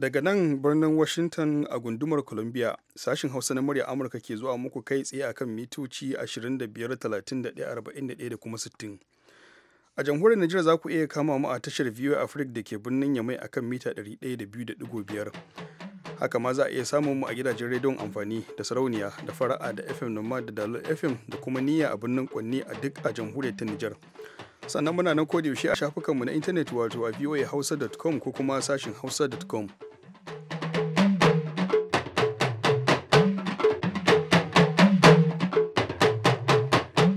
Daga nan birnin Washington a gundumar Columbia, sashin Hausa na murya Amurka ke zuwa muku kai tsaye akan mitoci 25, 31, 41 da kuma 60. a jamhuriyar Najeriya za ku iya kama mu a tashar VOA Africa da ke birnin Yamai akan mita 102.5. Haka ma za a iya samun mu a gidajen rediyon amfani da sarauniya da fara'a da FM Noma da Dalol FM da kuma niyya a birnin Kwanni a duk a jamhuriyar ta Nijar. Sannan muna nan yaushe a shafukanmu na intanet wato a voahausa.com ko kuma sashin hausa.com.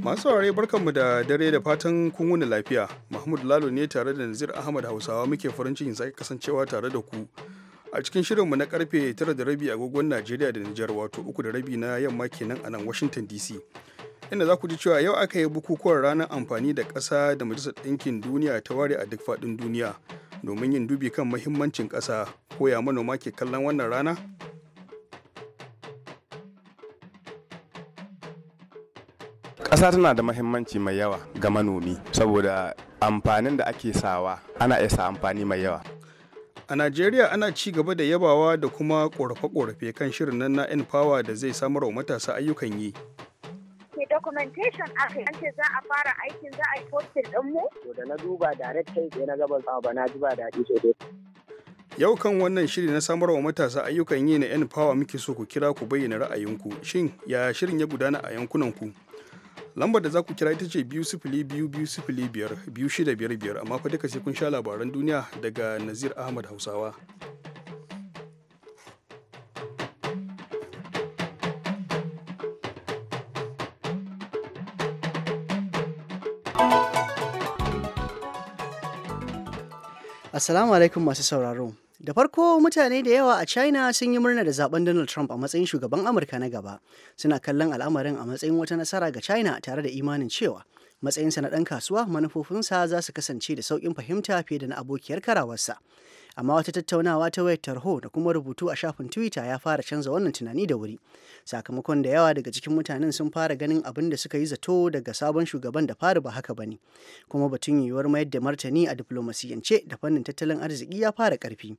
masu saurare barkanmu da dare da fatan kun wuni lafiya mahmud lalo ne tare da nazir ahmad hausawa muke farin cikin sake kasancewa tare da ku a cikin shirinmu na karfe 9 da rabi agogon najeriya da nijar wato 3 da rabi na yamma kenan a nan washington dc inda za ku ji cewa yau aka yi bukukuwan ranar amfani da ƙasa da majalisar ɗinkin duniya ta ware a duk faɗin duniya domin yin dubi kan mahimmancin ƙasa ko ya manoma ke kallon wannan rana ƙasa tana da mahimmanci mai yawa ga manomi saboda amfanin da ake sawa ana isa amfani mai yawa a najeriya ana ci gaba da yabawa da kuma ƙorafe-ƙorafe kan shirin nan na n power da zai samar wa matasa ayyukan yi ke documentation kai an ce za a fara aikin za a yi posting ɗinmu? To da na duba direct kai sai na gaban ba na ji ba daɗi sosai. Yau kan wannan shiri na samarwa matasa ayyukan yi na 'yan fawa muke so ku kira ku bayyana ra'ayinku. Shin ya shirin ya gudana a yankunanku? Lambar da za ku kira ita ce biyu sifili biyu biyu sifili biyar biyu shida biyar biyar amma fa duka sai kun sha labaran duniya daga Nazir Ahmad Hausawa. Assalamu alaikum masu sauraro. Da farko mutane da yawa a China sun yi murna da zaben Donald Trump a matsayin shugaban Amurka na gaba. Suna kallon al'amarin a matsayin wata nasara ga China tare da imanin cewa matsayinsa na ɗan kasuwa manufofinsa za su kasance da sauƙin fahimta fiye da na abokiyar karawarsa. amma wata tattaunawa ta wayar tarho da kuma rubutu a shafin twitter ya fara canza wannan tunani da wuri sakamakon da yawa daga cikin mutanen sun fara ganin abin da suka yi zato daga sabon shugaban da faru ba haka ba ne kuma batun yiwuwar mayar da martani a diplomasiyance da fannin tattalin arziki ya fara karfi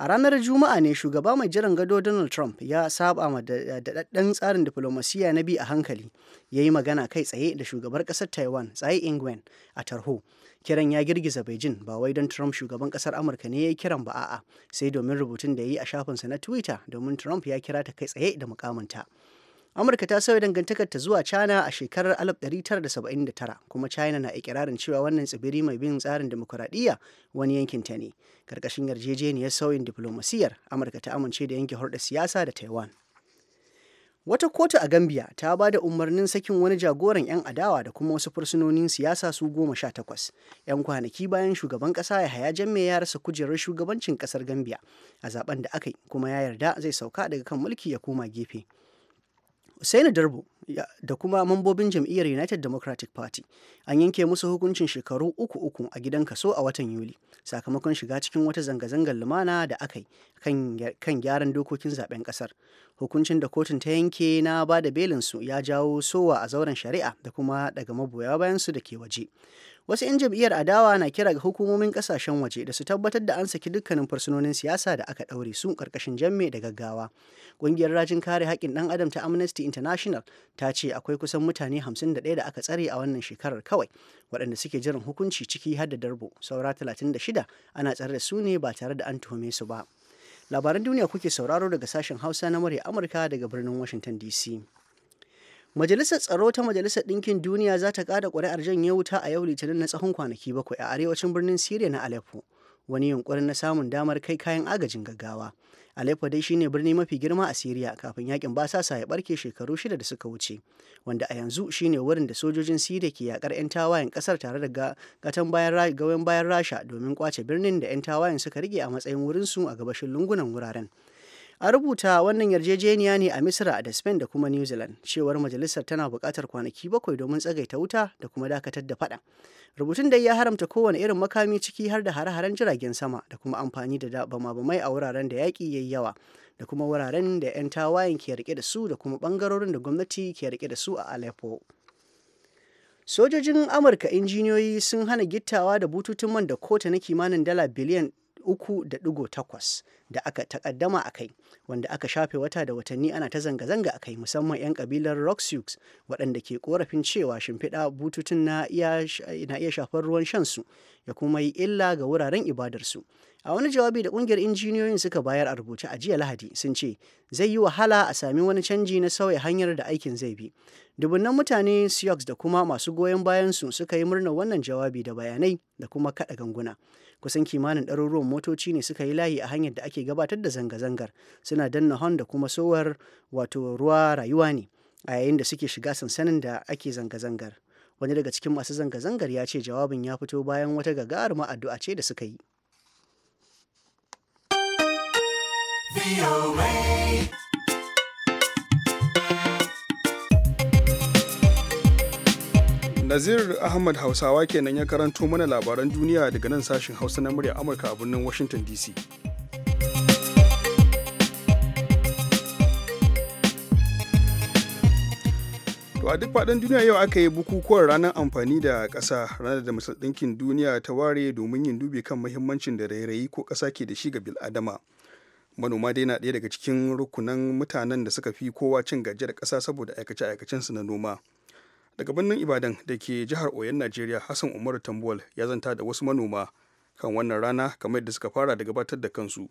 A ranar Juma'a ne shugaba mai jiran gado Donald Trump ya saba ma daɗaɗɗen tsarin diflomasiyya na bi a hankali, ya yi magana kai tsaye da shugabar ƙasar Taiwan, tsaye Ingwen, a tarho, kiran ya girgiza beijing ba wai don trump shugaban kasar amurka ne ya yi kiran ba a'a sai domin rubutun da ya yi a shafinsa na twitter domin trump ya kira ta kai tsaye da mukamanta. amurka ta sauya dangantakar ta zuwa china a shekarar 1979 kuma china na ikirarin cewa wannan tsibiri mai bin tsarin demokuraɗiyya wani yankin ta ne karkashin yarjejeniyar sauyin diflomasiyyar amurka ta amince da yanke hulɗar siyasa da taiwan wata kotu a gambia ta ba da umarnin sakin wani jagoran 'yan adawa da kuma wasu fursunonin siyasa su goma sha takwas 'yan kwanaki bayan shugaban ƙasa ya haya jamme ya rasa kujerar shugabancin ƙasar gambia a zaben da aka yi kuma ya yarda zai sauka daga kan mulki ya koma gefe Usaini Darbo da kuma mambobin jam'iyyar United Democratic Party an yanke musu hukuncin shekaru uku uku a gidan kaso a watan Yuli sakamakon shiga cikin wata zanga-zangar lumana da aka yi kan gyaran dokokin zaben kasar hukuncin da kotun ta yanke na ba da belinsu ya jawo sowa a zauren shari'a da kuma daga maboya bayansu da ke waje wasu 'yan jam'iyyar adawa na kira ga hukumomin kasashen waje da su tabbatar da an saki dukkanin fursunonin siyasa da aka ɗaure su ƙarƙashin jamme da gaggawa ƙungiyar rajin kare haƙƙin ɗan adam ta amnesty international ta ce akwai kusan mutane 51 da aka tsare a wannan shekarar kawai waɗanda suke jiran hukunci ciki har da darbo saura 36 ana tsare da su ne ba tare da an tuhume su ba labaran duniya kuke sauraro daga sashen hausa na murya amurka daga birnin washington dc majalisar tsaro ta majalisar ɗinkin duniya za ta ƙara ƙuri'ar janye wuta a yau litinin na tsawon kwanaki bakwai a arewacin birnin siriya na aleppo wani yunkurin na samun damar kai kayan agajin gaggawa Aleppo dai shine birni mafi girma a Siriya kafin yakin basasa ya barke shekaru shida da suka wuce, wanda a yanzu shine wurin da sojojin Siriya ke yakar 'yan tawayen kasar tare da gatan bayan bayan Rasha domin kwace birnin da 'yan tawayen suka rike a matsayin wurinsu a gabashin lungunan wuraren. a rubuta wannan yarjejeniya ne a misra da spain da kuma new zealand cewar majalisar tana buƙatar kwanaki bakwai domin tsagaita wuta da kuma dakatar da faɗa rubutun da ya haramta kowane irin makami ciki har da hare-haren jiragen sama da kuma amfani da bama-bamai a wuraren da yaƙi ya yi yawa da kuma wuraren da 'yan tawayen ke rike da su da kuma ɓangarorin da gwamnati ke rike da su a aleppo sojojin amurka injiniyoyi sun hana gittawa da bututun man da kotu na kimanin dala biliyan 3.8 da aka takaddama a kai wanda aka shafe wata da watanni ana ta zanga-zanga a kai musamman 'yan kabilar rock waɗanda ke korafin cewa shimfiɗa bututun na iya shafar ruwan shansu ya kuma yi illa ga wuraren ibadarsu a wani jawabi da ƙungiyar injiniyoyin suka bayar a rubuce a jiya lahadi sun ce zai yi wahala a sami wani canji na sauya hanyar da aikin zai bi dubunnan mutane sioux da kuma masu goyon bayansu suka yi murnar wannan jawabi da bayanai da kuma kaɗa ganguna kusan kimanin ɗaruruwan motoci ne suka yi layi a hanyar da ake gabatar da zanga-zangar suna danna hon da kuma sowar wato ruwa rayuwa ne a yayin da suke shiga sansanin da ake zanga-zangar wani daga cikin masu zanga-zangar ya ce jawabin ya fito bayan wata gagarumar addu'a ce da suka yi. Nazir Ahmad Hausawa kenan ya karanto mana labaran duniya daga nan sashen Hausa na murya Amurka a birnin Washington DC. To a duk faɗin duniya yau aka yi bukukuwan ranar amfani da ƙasa ranar da Masar Ɗinkin Duniya ta ware domin yin dubi kan mahimmancin da rairayi ko ƙasa ke da shi ga bil'adama. Manoma dai na ɗaya daga cikin rukunan mutanen da suka fi kowa cin gajiyar ƙasa saboda aikace-aikacensu na noma. daga birnin ibadan da ke jihar oyon najeriya hassan umaru tambuwal ya zanta da wasu manoma kan wannan rana kamar yadda suka fara da gabatar da kansu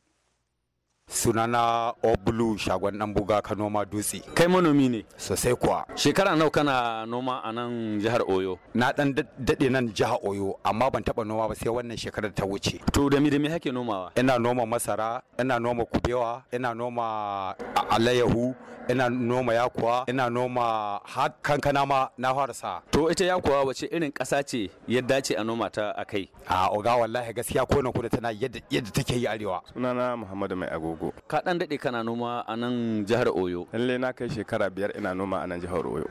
sunana oblu shagon dan buga ka noma dutse kai manomi ne sosai kuwa shekara nawa kana noma a nan jihar oyo na dan dade nan jihar oyo amma ban taba noma ba sai wannan shekarar ta wuce to da me da me hake nomawa ina noma masara ina noma kubewa ina noma alayahu, ina noma yakuwa ina noma har kankana ma na fara sa to ita yakuwa wace irin kasa ce ya dace a noma ta akai a oga wallahi gaskiya ko na kuda tana yadda yadda take yi arewa sunana muhammadu mai agogo ka dan dade kana noma a nan jihar oyo lalle na kai shekara biyar ina noma a nan jihar oyo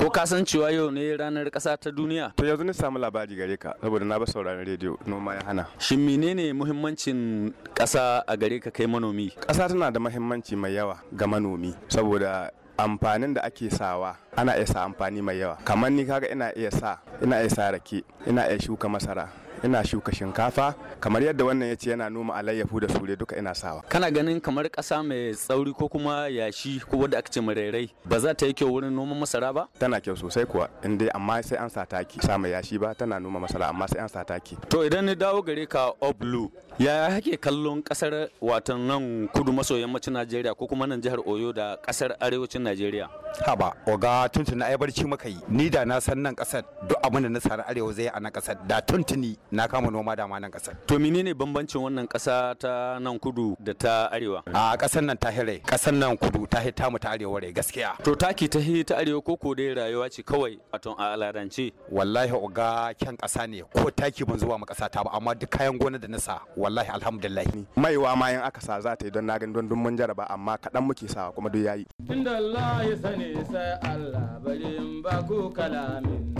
ko ka san cewa yau ne ranar kasa ta duniya to yanzu ni samu labari gare ka saboda na ba sauraron rediyo noma ya hana shin menene muhimmancin kasa a gare ka kai manomi kasa tana da muhimmanci mai yawa ga manomi saboda amfanin da ake sawa ana iya sa amfani mai yawa kamar ni kaga ina iya sa ina iya sa rake ina iya shuka masara ina shuka shinkafa kamar yadda wannan ya ce yana noma alayyafu da sure duka ina sawa kana ganin kamar ƙasa mai tsauri ko kuma yashi ko wanda aka ce marairai ba za ta yi kyau wurin noman masara ba tana kyau sosai kuwa in dai amma sai an sa taki sa mai yashi ba tana noma masara amma sai an sa taki to idan ni dawo gare ka oblu ya kake kallon kasar watan nan kudu maso yammacin najeriya ko kuma nan jihar oyo da kasar arewacin najeriya haba oga tuntun ai barci maka yi ni da na san nan kasar duk abin da na sani arewa zai a na kasar da tuntuni na kama noma dama nan kasar to menene bambancin wannan kasa ta nan kudu da ta arewa a kasar nan ta hire kasar nan kudu ta hita mu ta arewa rai gaskiya to taki ta hita arewa ko ko dai rayuwa ce kawai wato a aladance wallahi oga kyan kasa ne ko taki ban zuwa mu kasa ta ba amma duk kayan gona da na sa wallahi alhamdulillah maiwa ma yin aka sa za ta yi don na gani don mun jaraba amma kaɗan muke sawa kuma duk yayi Inda Allah ya sani sai Allah bari in ba ku kalamin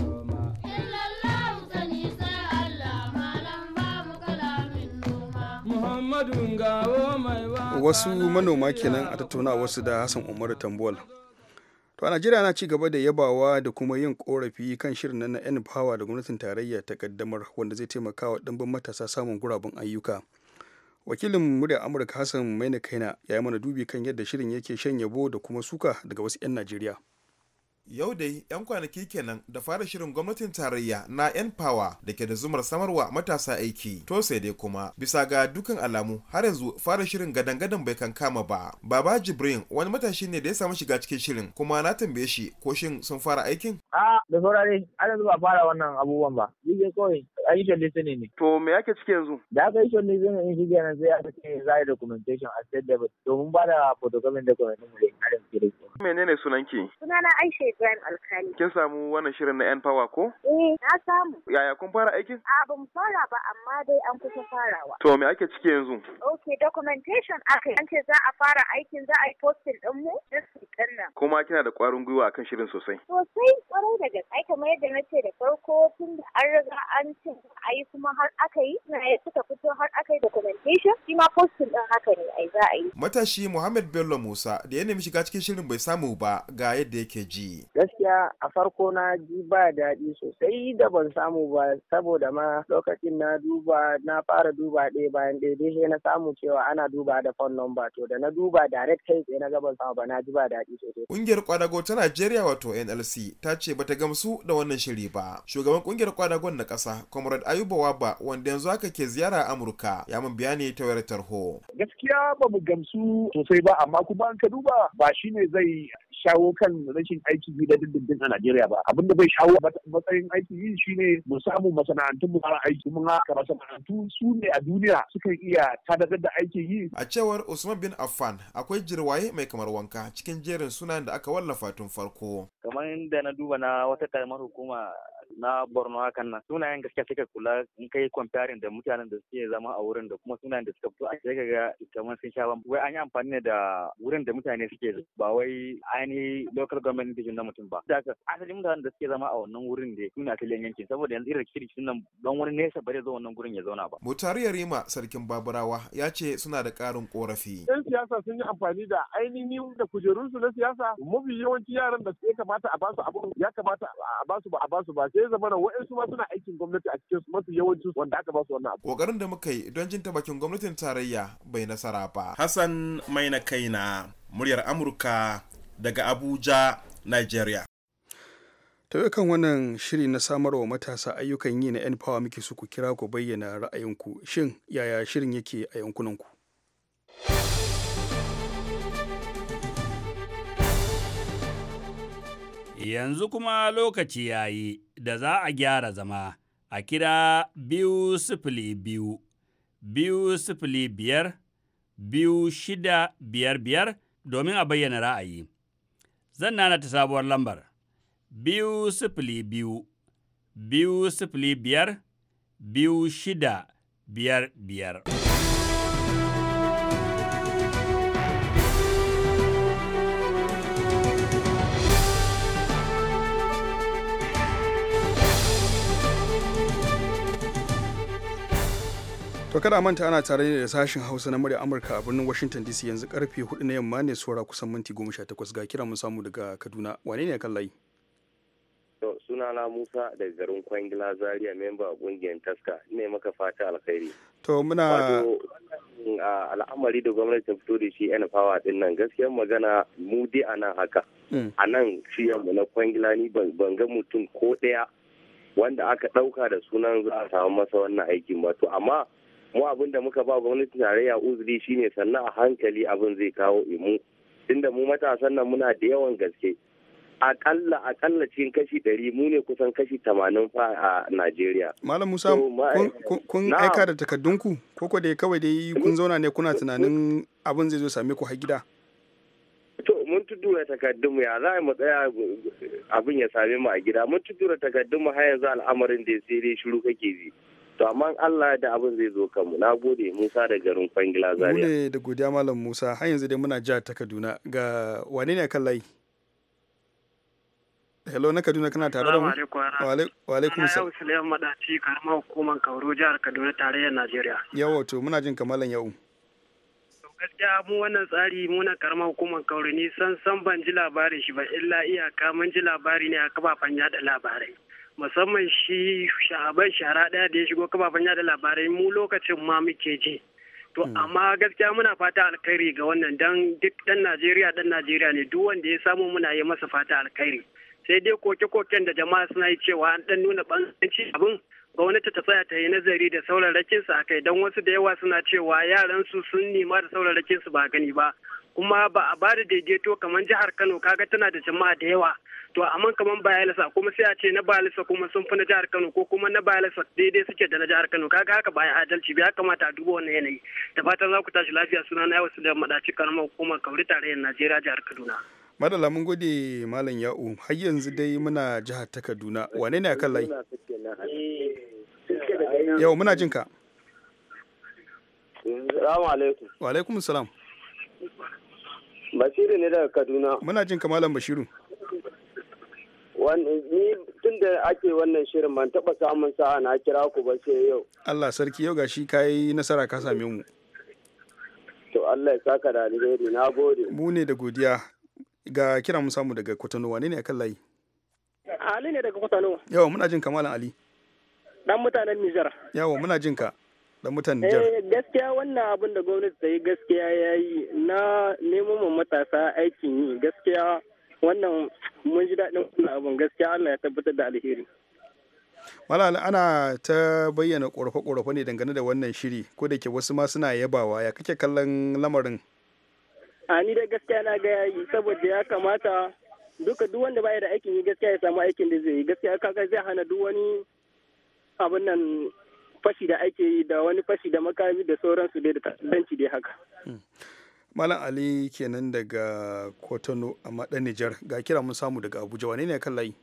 wasu manoma kenan a tattauna wasu da hassan umaru tambuwal to a najeriya na ci gaba da yabawa da kuma yin korafi kan shirin nan na yan power da gwamnatin tarayya ta kaddamar wanda zai taimaka wa dimbin matasa samun guraben ayyuka wakilin murya amurka hassan maina kaina ya yi mana dubi kan yadda shirin yake shan yabo da kuma suka daga wasu 'yan najeriya Yau dai 'yan kwanaki kenan da fara shirin gwamnatin tarayya na 'yan fawa da ke da zumar samarwa matasa aiki. To sai dai kuma bisa ga dukan alamu har yanzu fara shirin gadan-gadan bai kan kama ba. Baba Jibrin wani matashi ne da ya samu shiga cikin shirin kuma na tambaye shi ko shin sun fara aikin? A da saurare har yanzu ba fara wannan abubuwan ba. Yige kawai ayyukan litinin ne. To me yake ciki yanzu? Da aka yi shan litinin in shi kenan sai aka ce za a yi documentation a state level domin ba da photocopying documentation mu da har yanzu. Menene sunanki? Sunana Aisha Ibrahim Alkali. Kin samu wannan shirin na 'yan fawa ko? Eh, na samu. Yaya kun fara aikin? A ban fara ba amma dai an kusa farawa. To me ake ciki yanzu? Ok, documentation aka yi. an ce za a fara aikin za a yi posting din mu din nan. Kuma kina da kwarin gwiwa akan shirin sosai. Sosai kwarai da gaske. Ai kamar yadda na da farko tun da an riga an ce a yi kuma har aka yi, na suka fito har aka yi documentation, shi ma posting din haka ne ai za a yi. Matashi Muhammad Bello Musa da ya nemi shiga cikin shirin bai samu ba ga yadda yake ji. Gaskiya a farko na ji ba daɗi sosai da ban samu ba saboda ma lokacin na duba na fara duba ɗaya bayan ɗaya dai sai na samu cewa ana duba da phone number to da na duba direct kai tsaye na ga ban samu ba na ji ba daɗi sosai. Ƙungiyar kwadago ta Najeriya wato NLC ta ce bata gamsu da wannan shiri ba. Shugaban ƙungiyar kwadagon na ƙasa Comrade Ayuba Waba wanda yanzu haka ke ziyara Amurka ya mun bayani ta wayar tarho. Gaskiya ba mu gamsu sosai ba amma kuma an ka duba ba shine zai shawo kan rashin aikin yi da dindindin a Najeriya ba abin da bai shawo matsayin aikin yi shine mu samu masana'antu mu fara aiki mun haka masana'antu su ne a duniya suka iya tadadar da aikin yi a cewar Usman bin Affan akwai jirwaye mai kamar wanka cikin jerin sunan da aka wallafa tun farko kamar inda na duba na wata karamar hukuma na borno hakan nan sunayen gaskiya suka kula in kai comparing da mutanen da suke zama a wurin da kuma sunayen da suka fito a sai ga kamar sun sha wai an yi amfani da wurin da mutane suke ba wai ainihin local government division na mutum ba. Daga haka asalin mutanen da suke zama a wannan wurin da su ne asalin yankin saboda yanzu irin kiri nan don wani nesa bare zo wannan gurin ya zauna ba. Mutari Yarima sarkin Baburawa ya ce suna da ƙarin ƙorafi. Yan siyasa sun yi amfani da ainihin da kujerunsu na siyasa mafi yawanci yaran da suke kamata a basu abu ya kamata a basu ba a basu ba sai zama wa'ansu ma suna aikin gwamnati a cikin su mafi yawanci wanda aka basu wannan abu. Kokarin da muka yi don jin ta bakin gwamnatin tarayya bai nasara ba. Hassan Maina Kaina muryar Amurka daga Abuja, Nigeria. ta kan wannan shiri na samarwa matasa ayyukan yi na 'yan fawa muke su kira ku bayyana ra'ayinku shin yaya shirin yake a yankunanku yanzu kuma lokaci ya yi da za a gyara zama a kira biyu sifili biyu biyu sifili biyar biyu shida biyar biyar domin a bayyana ra'ayi Zan nana ta sabuwar lambar biyu sifili biyu, biyu sifili biyar, biyu shida biyar biyar. To kada manta ana tare da sashen Hausa na murya Amurka a birnin Washington DC yanzu karfe 4 na yamma ne saura kusan minti 18 ga kira mun samu daga Kaduna. Wane ne kallai? layi? suna sunana Musa daga garin Kwangila Zaria memba a kungiyar Taska ne maka fata alkhairi. To muna al'amari da gwamnati ta fito da shi yan fawa din nan gaskiyar magana mu dai a nan haka. Mm. A nan shi mu na Kwangila ni ban ga mutum ko daya wanda aka ɗauka da sunan za a samu masa wannan aikin ba to amma mu abin da muka ba gwamnatin tarayya uzuri shine sannan a hankali abin zai kawo imu tunda mu matasan nan muna da yawan gaske akalla akalla cikin kashi ɗari mu ne kusan kashi tamanin fa a Najeriya. Malam Musa kun aika da takaddunku ko ko dai kawai dai kun zauna ne kuna tunanin abin zai zo same ku har gida. To mun da takaddunmu ya za mu tsaya abin ya same mu a gida mun da takaddunmu har yanzu al'amarin da sai dai shiru kake ji. to amma Allah da abin zai zo kanmu na gode Musa da garin Kwangila Zaria gode da godiya malam Musa har yanzu dai muna jihar ta Kaduna ga wane ne kan layi Hello na Kaduna kana tare da mu Wa alaikum salam Suleiman Madaci karamar hukumar Kauro jihar Kaduna tarayyar Najeriya Yawo to muna jin kamalan yau gaskiya mu wannan tsari mu na karamar hukumar Kauro ni san san ban ji labarin shi ba illa iyaka mun ji labari ne a kafafen yada labarai musamman shi shahaban shara ɗaya da ya shigo kafafen yada labarai mu lokacin ma muke ji to hmm. amma gaskiya muna fata alkhairi ga wannan dan duk dan najeriya dan najeriya ne duk wanda ya samu muna yi masa fata alkhairi sai dai koke-koken da jama'a suna yi cewa an dan nuna banci abin gwamnati ta tsaya ta yi nazari da saurarakin su kai don wasu da yawa suna cewa yaran su sun nema da saurarakin su ba gani ba kuma ba a ba da daidaito kamar jihar Kano kaga tana da jama'a da yawa to amma kaman bayalisa kuma sai a ce na bayalisa kuma sun fi na jihar kano ko kuma na bayalisa daidai suke da na jihar kano kaga haka bayan adalci ya kamata a duba wannan yanayi da fatan za ku tashi lafiya suna na wasu da madaci karamar hukumar kauri tarayyar najeriya jihar kaduna madala mun gode malam ya'u har yanzu dai muna jihar ta kaduna wane ne akan layi yau muna jin ka salamu alaikum wa alaikum salam basiru ne daga kaduna muna jin ka malam bashiru ni tun da ake wannan shirin ban taɓa samun sa'a na kira ku ba sai yau. Allah sarki yau gashi ka yi nasara ka same mu. To Allah ya saka da alheri na gode. Mu ne da godiya ga kira mu samu daga Kwatano wane ne akan layi? Ali ne daga Kwatano. Yawa muna jin kamalan Ali. Dan mutanen Nijar. Yawa muna jin ka. Dan mutanen Nijar. Eh gaskiya wannan abin da gwamnati ta yi gaskiya yayi na neman matasa aikin yi gaskiya wannan mun ji daɗin wannan abun gaskiya Allah ya tabbatar da alheri malala ana ta bayyana ƙorafe-ƙorafe ne dangane da wannan shiri ko da ke wasu ma suna yabawa ya kake kallon lamarin a ni da gaskiya na ga yayi saboda ya kamata duka duk wanda baya da aikin yi gaskiya ya samu aikin da zai yi gaskiya kaga zai hana duk wani abin nan fashi da ake yi da wani fashi da makami da sauransu dai da dai haka hmm. Malam Ali kenan daga Kotono a maɗa Nijar ga kira mun samu daga Abuja wane ne kan layi?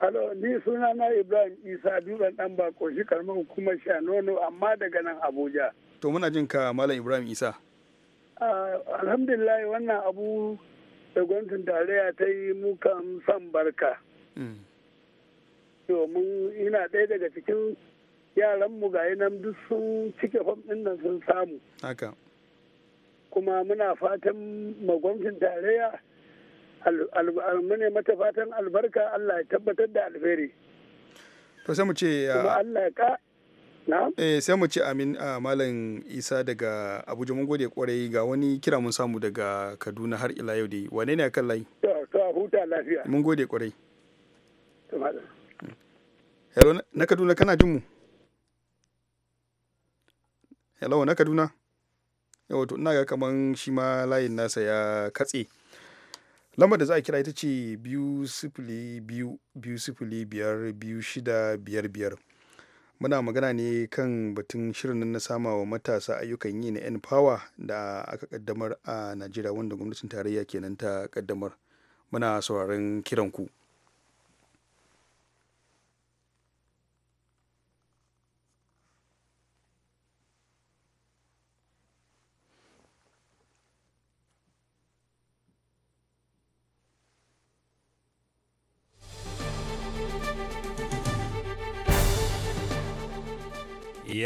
Alo, ni suna na Ibrahim Isa Duran ɗan bako shi karmar hukumar sha nono amma daga nan Abuja. To muna jin ka Malam Ibrahim Isa. Alhamdulillah wannan abu da gwamnatin tarayya ta yi mukan san barka. Domin hmm. ina ɗaya daga cikin yaranmu ga nan duk sun cike fam ɗin nan sun samu. Haka. kuma muna fatan magwamcin tarayya mune mata fatan albarka Allah ya tabbatar da alheri. To sai mu ce kuma ah, Allah ka Eh sai mu ce amin a ah, Malam Isa daga Abuja mun gode kwarai ga wani kira mun samu daga Kaduna har ila yau dai wane ne akan layi? To huta lafiya. Mun gode kwarai. Hello na Kaduna kana jin mu? Hello na Kaduna? wato ina ga kaman shi ma layin nasa ya katse lambar da za a kira ita ce biyu sifili biyu biyu sifili biyar biyu shida biyar biyar muna magana ne kan batun shirin na sama wa matasa ayyukan yi na n power da aka kaddamar a najeriya wanda gwamnatin tarayya kenan ta kaddamar muna sauraron kiran ku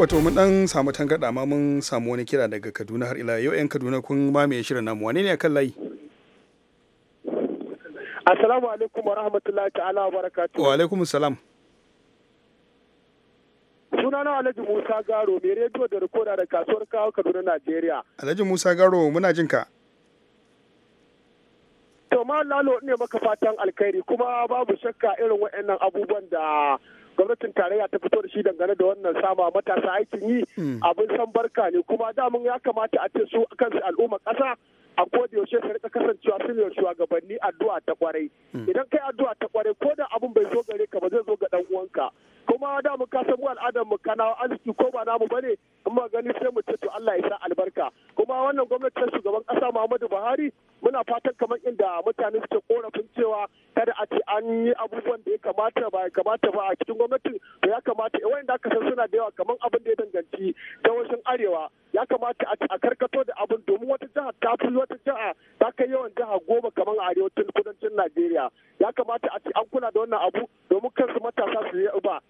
wato mun dan samu tangarda amma mun samu wani kira daga kaduna har ila yau 'yan kaduna kun mamaye shirin namu wane ne akan layi assalamu alaikum wa rahmatullahi ta'ala wa barakatuhu wa alaikum salam sunana alhaji musa garo mai rediyo da rikoda da kasuwar kawo kaduna najeriya alhaji musa garo muna jin ka to ma lalo ne maka fatan alkhairi kuma babu shakka irin waɗannan abubuwan da gwamnatin tarayya ta fito da shi dangane da wannan sama matasa aikin yi hmm. abin san barka ne kuma damun ya kamata a ce su kansu al'umma ƙasa a koda yaushe su rika kasancewa su ne shugabanni addu'a ta kwarai hmm. idan kai addu'a ta kwarai ko da abun bai zo gare ka ba zai zo ga dan uwanka kuma da mu kasa mu al'adar mu kana arziki ko ba namu bane in ba gani sai mu ce to Allah ya sa albarka kuma wannan gwamnatin shugaban kasa Muhammadu Buhari muna fatan kamar inda mutane suke korafin cewa kada a ce an yi abubuwan da ya kamata ba ya kamata ba a cikin gwamnatin ya kamata da aka san suna da yawa kamar abin da ya danganci gabashin arewa ya kamata a a karkato da abin domin wata jiha ta fi wata jiha ta kai yawan jiha goma kamar a arewacin kudancin Najeriya ya kamata a ci an kula da wannan abu domin kansu matasa su yi ba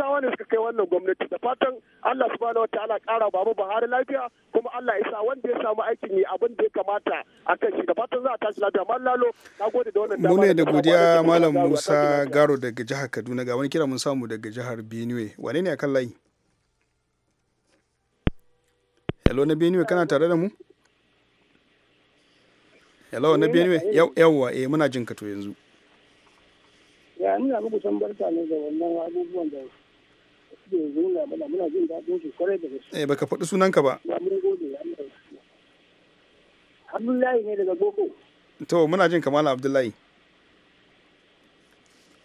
talakawa ne suka kai wannan gwamnati da fatan Allah subhanahu wataala kara babu Buhari lafiya kuma Allah ya sa wanda ya samu aikin yi abin da ya kamata a kan shi da fatan za a tashi lafiya mallam lalo nagode da wannan dama mu ne da godiya malam Musa Garo daga jihar Kaduna ga wani kira mun samu daga jihar Benue wane ne a kan layi Hello na Benue kana tare da mu Hello na eh, Benue yawwa eh muna jin ka to yanzu ya ina muku san barka ne da wannan abubuwan da Eh baka faɗi sunanka ba. Ba Abdullahi ne daga Boko. To muna jin kamala Abdullahi.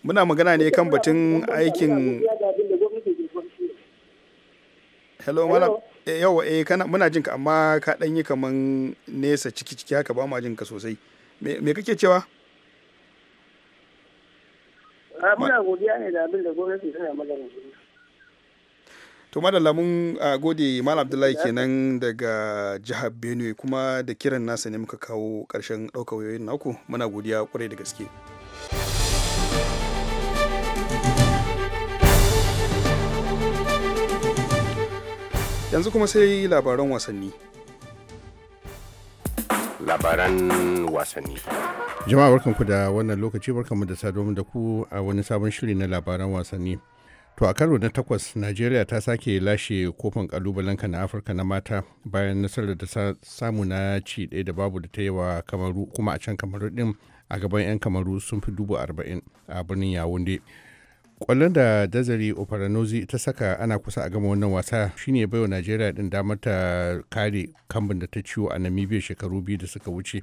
Muna magana ne kan batun aikin Hello malam. Eh, Yau eh kana muna jin ka amma ka dan yi kaman nesa ciki ciki haka ba ma jin ka sosai. Me me kake cewa? Ah, muna godiya ne da abin da gwamnati tana magana. to madalla mun ah, gode mal abdullahi kenan daga jihar benue kuma da kiran nasa ne muka kawo karshen ɗaukar wayoyin naku muna godiya kwarai da gaske yanzu kuma sai labaran wasanni labaran wasanni jama'a barkanku da wannan lokaci barkanmu da saduwa da ku a wani sabon shiri na labaran wasanni To a karo na takwas, Najeriya ta sake lashe kofin kalubalenka na Afirka na mata bayan nasarar da samu na ci ɗaya da babu da ta yi wa kamaru kuma a can kamaru ɗin a gaban 'yan kamaru sun fi dubu arba'in a birnin Yawunde. kwallon da Dazari Oparanozi ta saka ana kusa a gama wannan wasa shine baiwa Najeriya ɗin damar ta kare kambin da ta ciwo a Namibia shekaru biyu da suka wuce.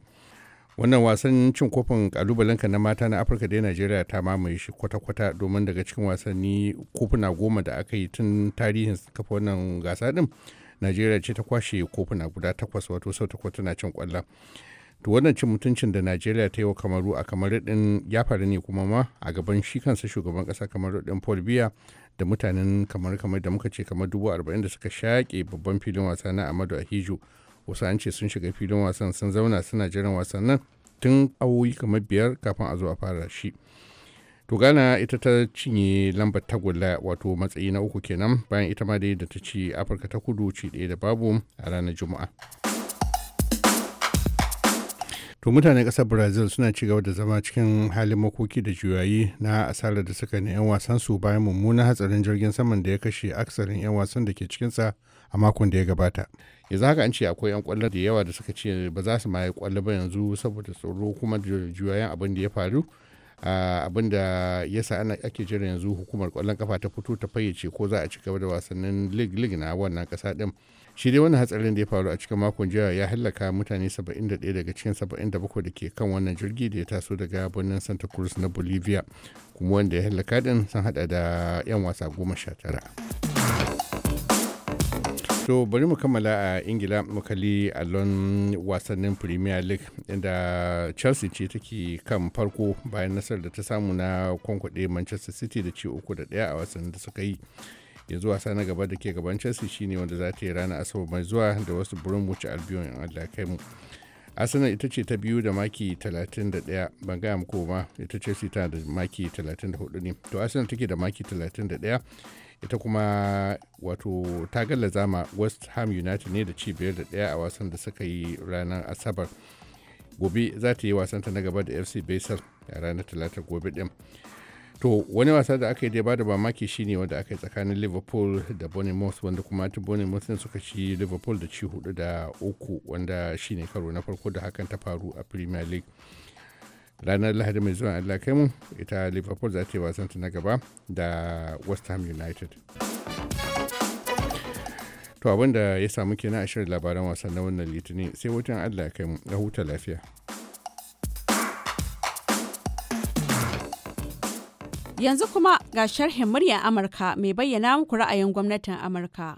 wannan wasan cin kofin kalubalenka na mata na afirka da najeriya ta mamaye shi kwata-kwata domin daga cikin wasanni kofuna goma da aka yi tun tarihin kafa wannan gasa din najeriya ce ta kwashe kofuna guda takwas wato sau takwas tana cin kwalla to wannan cin mutuncin da najeriya ta yi wa kamaru a kamar din ya faru ne kuma ma a gaban shi kansa shugaban kasa kamar din paul biya da mutanen kamar kamar da muka ce kamar dubu arba'in da suka shaƙe babban filin wasa na amadu ahijo wasu an ce sun shiga filin wasan sun zauna suna jiran wasan nan tun awoyi kamar biyar kafin a zo a fara shi to gana ita ta cinye lambar tagulla wato matsayi na uku kenan bayan ita ma dai da ta ci afirka ta kudu ci ɗaya da babu a ranar juma'a to mutanen ƙasar brazil suna ci gaba da zama cikin halin makoki da juyayi na asarar da suka na 'yan wasan su bayan mummunan hatsarin jirgin saman da ya kashe aksarin 'yan wasan da ke cikinsa a makon da ya gabata yanzu haka an ce akwai 'yan kwallo da yawa da suka ce ba za su maye kwallo ba yanzu saboda tsoro kuma juyayen abin da ya faru abin da ya sa ana ake jira yanzu hukumar kwallon kafa ta fito ta fayyace ko za a ci gaba da wasannin lig lig na wannan kasa din shi dai wannan hatsarin da ya faru a cikin makon jiya ya halaka mutane 71 daga cikin 77 da ke kan wannan jirgi da ya taso daga birnin santa cruz na bolivia kuma wanda ya halaka din sun hada da 'yan wasa goma sha tara. To bari mu kammala a Ingila mu kalli allon wasannin Premier League inda Chelsea ce take kan farko bayan nasarar da ta samu na kwankwaɗe Manchester City da ci uku da ɗaya a wasannin da suka yi. Yanzu wasa na gaba da ke gaban Chelsea shine wanda za ta yi ranar Asabar mai zuwa da wasu burin wuce Albion in Allah kai mu. Arsenal ita ce ta biyu da maki 31 ban gaya muku ma ita ce tana da maki 34 ne. To Arsenal take da maki 31 ita kuma wato ta gallaza west ham united ne da ci biyar da daya a wasan da suka yi ranar asabar gobe za ta yi wasanta na gaba da fc basel a ranar talata gobe din to wani wasa da aka yi dai bada mamaki shine wanda aka yi tsakanin liverpool da bournemouth wanda kuma ta bournemouth ne suka ci liverpool da ci hudu da uku wanda shine karo na farko da hakan ta faru a premier league ranar lahadi mai zuwa allah kai mu ita liverpool za ta yi ta na gaba da west ham united to abin da ya samu kenan a shirin labaran wasan na wannan litinin sai wutan allah kai mu na huta lafiya yanzu kuma ga sharhin murya amurka mai bayyana muku ra'ayin gwamnatin amurka.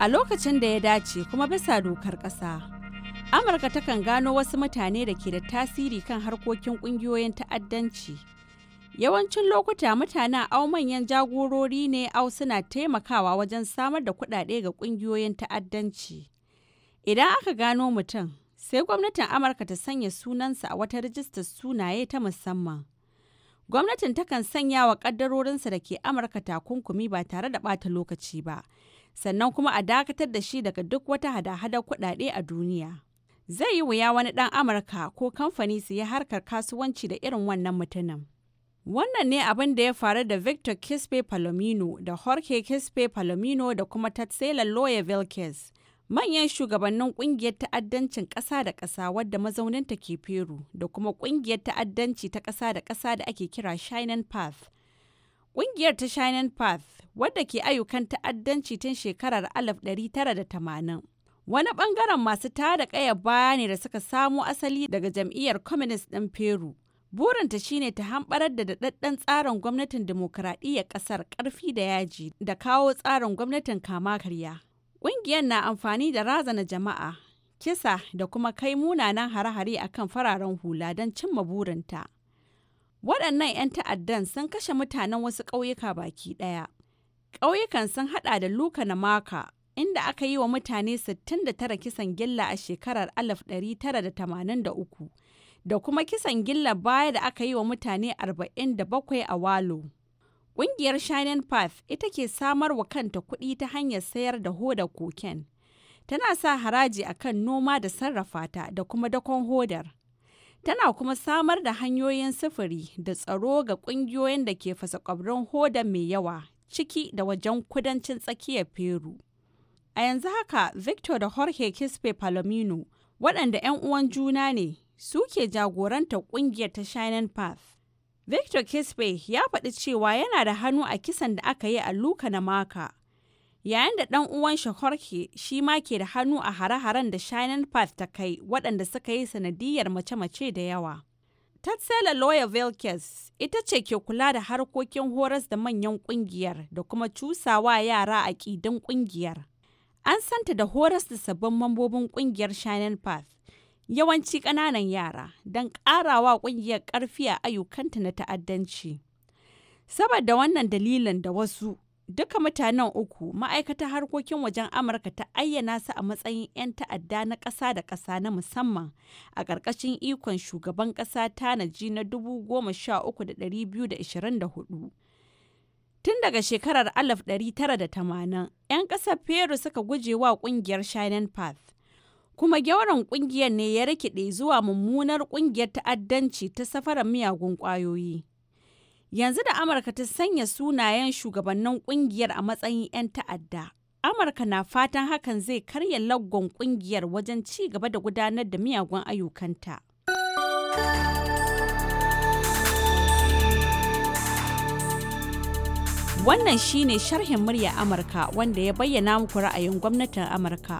a lokacin da ya dace kuma bisa dokar ƙasa. Amurka takan gano wasu mutane da ke da tasiri kan harkokin ƙungiyoyin ta'addanci. Yawancin lokuta mutanen au manyan jagorori ne au suna taimakawa wajen samar da kuɗaɗe ga ƙungiyoyin ta'addanci. Idan aka gano mutum, sai gwamnatin Amurka ta sanya sunansa a wata rijistar sunaye ta musamman. Gwamnatin takan sanya wa ƙaddarorinsa da ke Amurka takunkumi ba tare da ɓata lokaci ba. sannan kuma a dakatar da shi daga duk wata hada-hadar kuɗaɗe a duniya. Zai yi wuya wani ɗan Amurka ko kamfani su yi harkar kasuwanci da irin wannan mutumin. Wannan ne abin da ya faru da Victor Kispe Palomino da Jorge Kispe Palomino da kuma Tatsela Loya Velkes, manyan shugabannin ƙungiyar ta'addancin ƙasa da ƙasa wadda mazauninta ke Peru da kuma ƙungiyar ta'addanci ta ƙasa da ƙasa da ake kira Shining Path. Ƙungiyar ta Shining Path wadda ke ayyukan ta'addanci tun shekarar 1980. Wani ɓangaren masu tada ƙaya baya ne da suka samo asali daga jam'iyyar Communist ɗin Peru. Burinta shine ta hamɓarar da daɗaɗɗen tsarin gwamnatin demokuraɗiyyar ƙasar ƙarfi da yaji da kawo tsarin gwamnatin kama karya. Ƙungiyar na amfani da razana jama'a, kisa da kuma kai munanan hare-hare akan fararen hula don cimma burinta. Waɗannan 'yan ta'addan sun kashe mutanen wasu ƙauyuka baki ɗaya. Ƙauyukan sun haɗa da Luka na Maka, inda aka yi wa mutane 69 kisan gilla a shekarar 1983, da kuma kisan gilla baya da aka yi wa mutane 47 a Walo. Ƙungiyar Shining Path ita ke samar wa kanta kuɗi ta hanyar sayar da hoda koken. Tana sa haraji akan noma da sarrafa ta da kuma dakon hodar. tana kuma samar da hanyoyin sufuri da tsaro ga ƙungiyoyin da ke fasa kwabrin hoda mai yawa ciki da wajen kudancin tsakiyar Peru. A yanzu haka Victor da Jorge Kispe Palomino waɗanda 'yan uwan juna ne suke jagoranta ƙungiyar ta Shining Path. Victor Kispe ya faɗi cewa yana da hannu a kisan da aka yi a Luka na Maka yayin da ɗan uwan shi Jorge shi ma ke da hannu a hare-haren da Shining Path ta kai waɗanda suka yi sanadiyar mace-mace da yawa. Tatsela Lawyer Velkes ita ce ke kula da harkokin horas da manyan ƙungiyar da kuma cusawa yara a ƙidan ƙungiyar. An santa da horas da sabbin mambobin ƙungiyar Shining Path, yawanci ƙananan yara, don ƙarawa ƙungiyar ƙarfi a ayyukanta na ta'addanci. Saboda wannan dalilin da wasu Duka mutanen uku ma'aikatar harkokin wajen Amurka ta ayyana su a matsayin 'yan ta'adda na ƙasa da ƙasa na musamman a ƙarƙashin ikon shugaban ƙasa tanaji na 13,224. Tun daga shekarar 1980, 'yan ƙasar Peru suka guje wa ƙungiyar Shining Path. Kuma gyauran ƙungiyar ne ya rikide zuwa mummunar ƙungiyar ta'addanci ta safarar miyagun ƙwayoyi. Yanzu da Amurka ta sanya sunayen shugabannin kungiyar a matsayin 'yan ta'adda, Amurka na fatan hakan zai karya laggon kungiyar wajen ci gaba da gudanar da miyagun ayyukanta. Wannan shine sharhin murya Amurka wanda ya bayyana muku ra'ayin gwamnatin Amurka.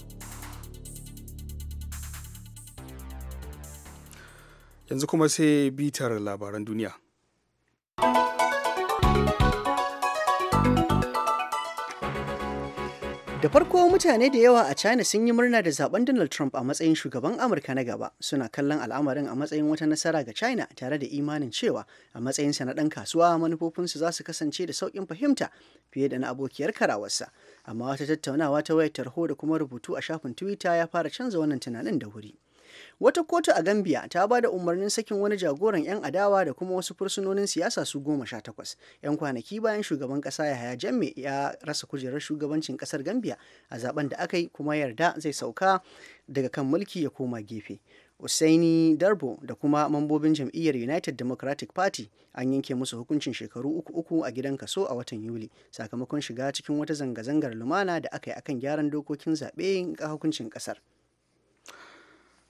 Yanzu kuma sai bitar labaran duniya. Da farko mutane da yawa a China sun yi murna da zaben Donald Trump a matsayin shugaban Amurka na gaba, suna kallon al'amarin a matsayin wata nasara ga China tare da imanin cewa a matsayin sa na ɗan kasuwa manufofinsu za su kasance da saukin fahimta fiye da na abokiyar karawarsa. Amma wata tattaunawa ta wayar tarho da kuma rubutu a shafin Twitter ya fara canza wannan tunanin da wuri. wata kotu a gambia ta ba da umarnin sakin wani jagoran 'yan adawa da kuma wasu fursunonin siyasa su goma sha takwas 'yan kwanaki bayan shugaban ƙasa yahaya jamme ya rasa kujerar shugabancin ƙasar gambia a zaben da aka yi kuma yarda zai sauka daga kan mulki ya koma gefe Usaini Darbo da kuma mambobin jam'iyyar United Democratic Party an yanke musu hukuncin shekaru uku uku a gidan kaso a watan Yuli sakamakon shiga cikin wata zanga-zangar lumana da aka yi akan gyaran dokokin zaɓe hukuncin ƙasar.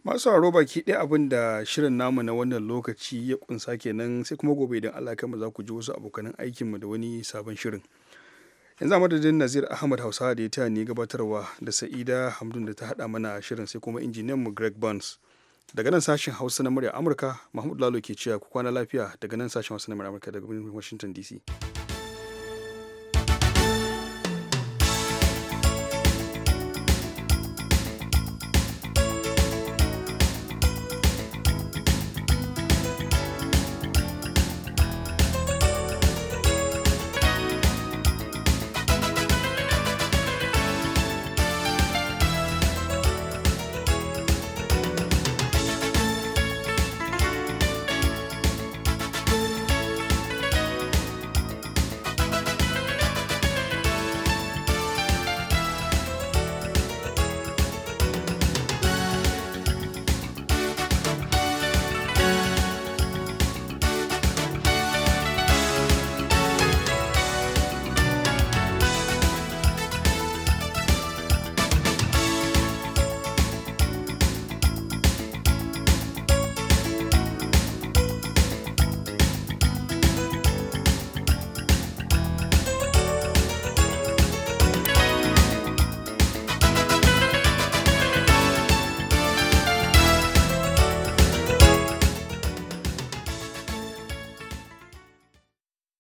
masu sauraro baki ɗaya abin da shirin namu na wannan lokaci ya kunsa kenan sai kuma gobe idan Allah kama za ku ji wasu abokanan aikinmu da wani sabon shirin yanzu a madadin nazir ahmad hausa da ya taya ne gabatarwa da sa'ida hamdun da ta haɗa mana shirin sai kuma injiniyan mu greg burns daga nan sashen hausa na murya amurka mahmud lalo ke cewa ku kwana lafiya daga nan sashen hausa na murya amurka daga washington dc